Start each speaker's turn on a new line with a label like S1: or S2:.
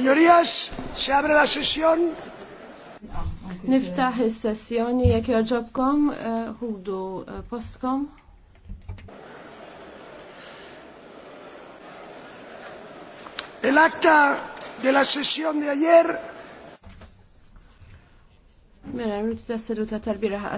S1: Señorías, se abre la sesión.
S2: Niftaħ il sessjoni jek joġobkom hudu eh, eh, postkom.
S3: El akta de la sesión de ayer.
S4: Mela, nrid ta'
S5: seduta tal-biraħ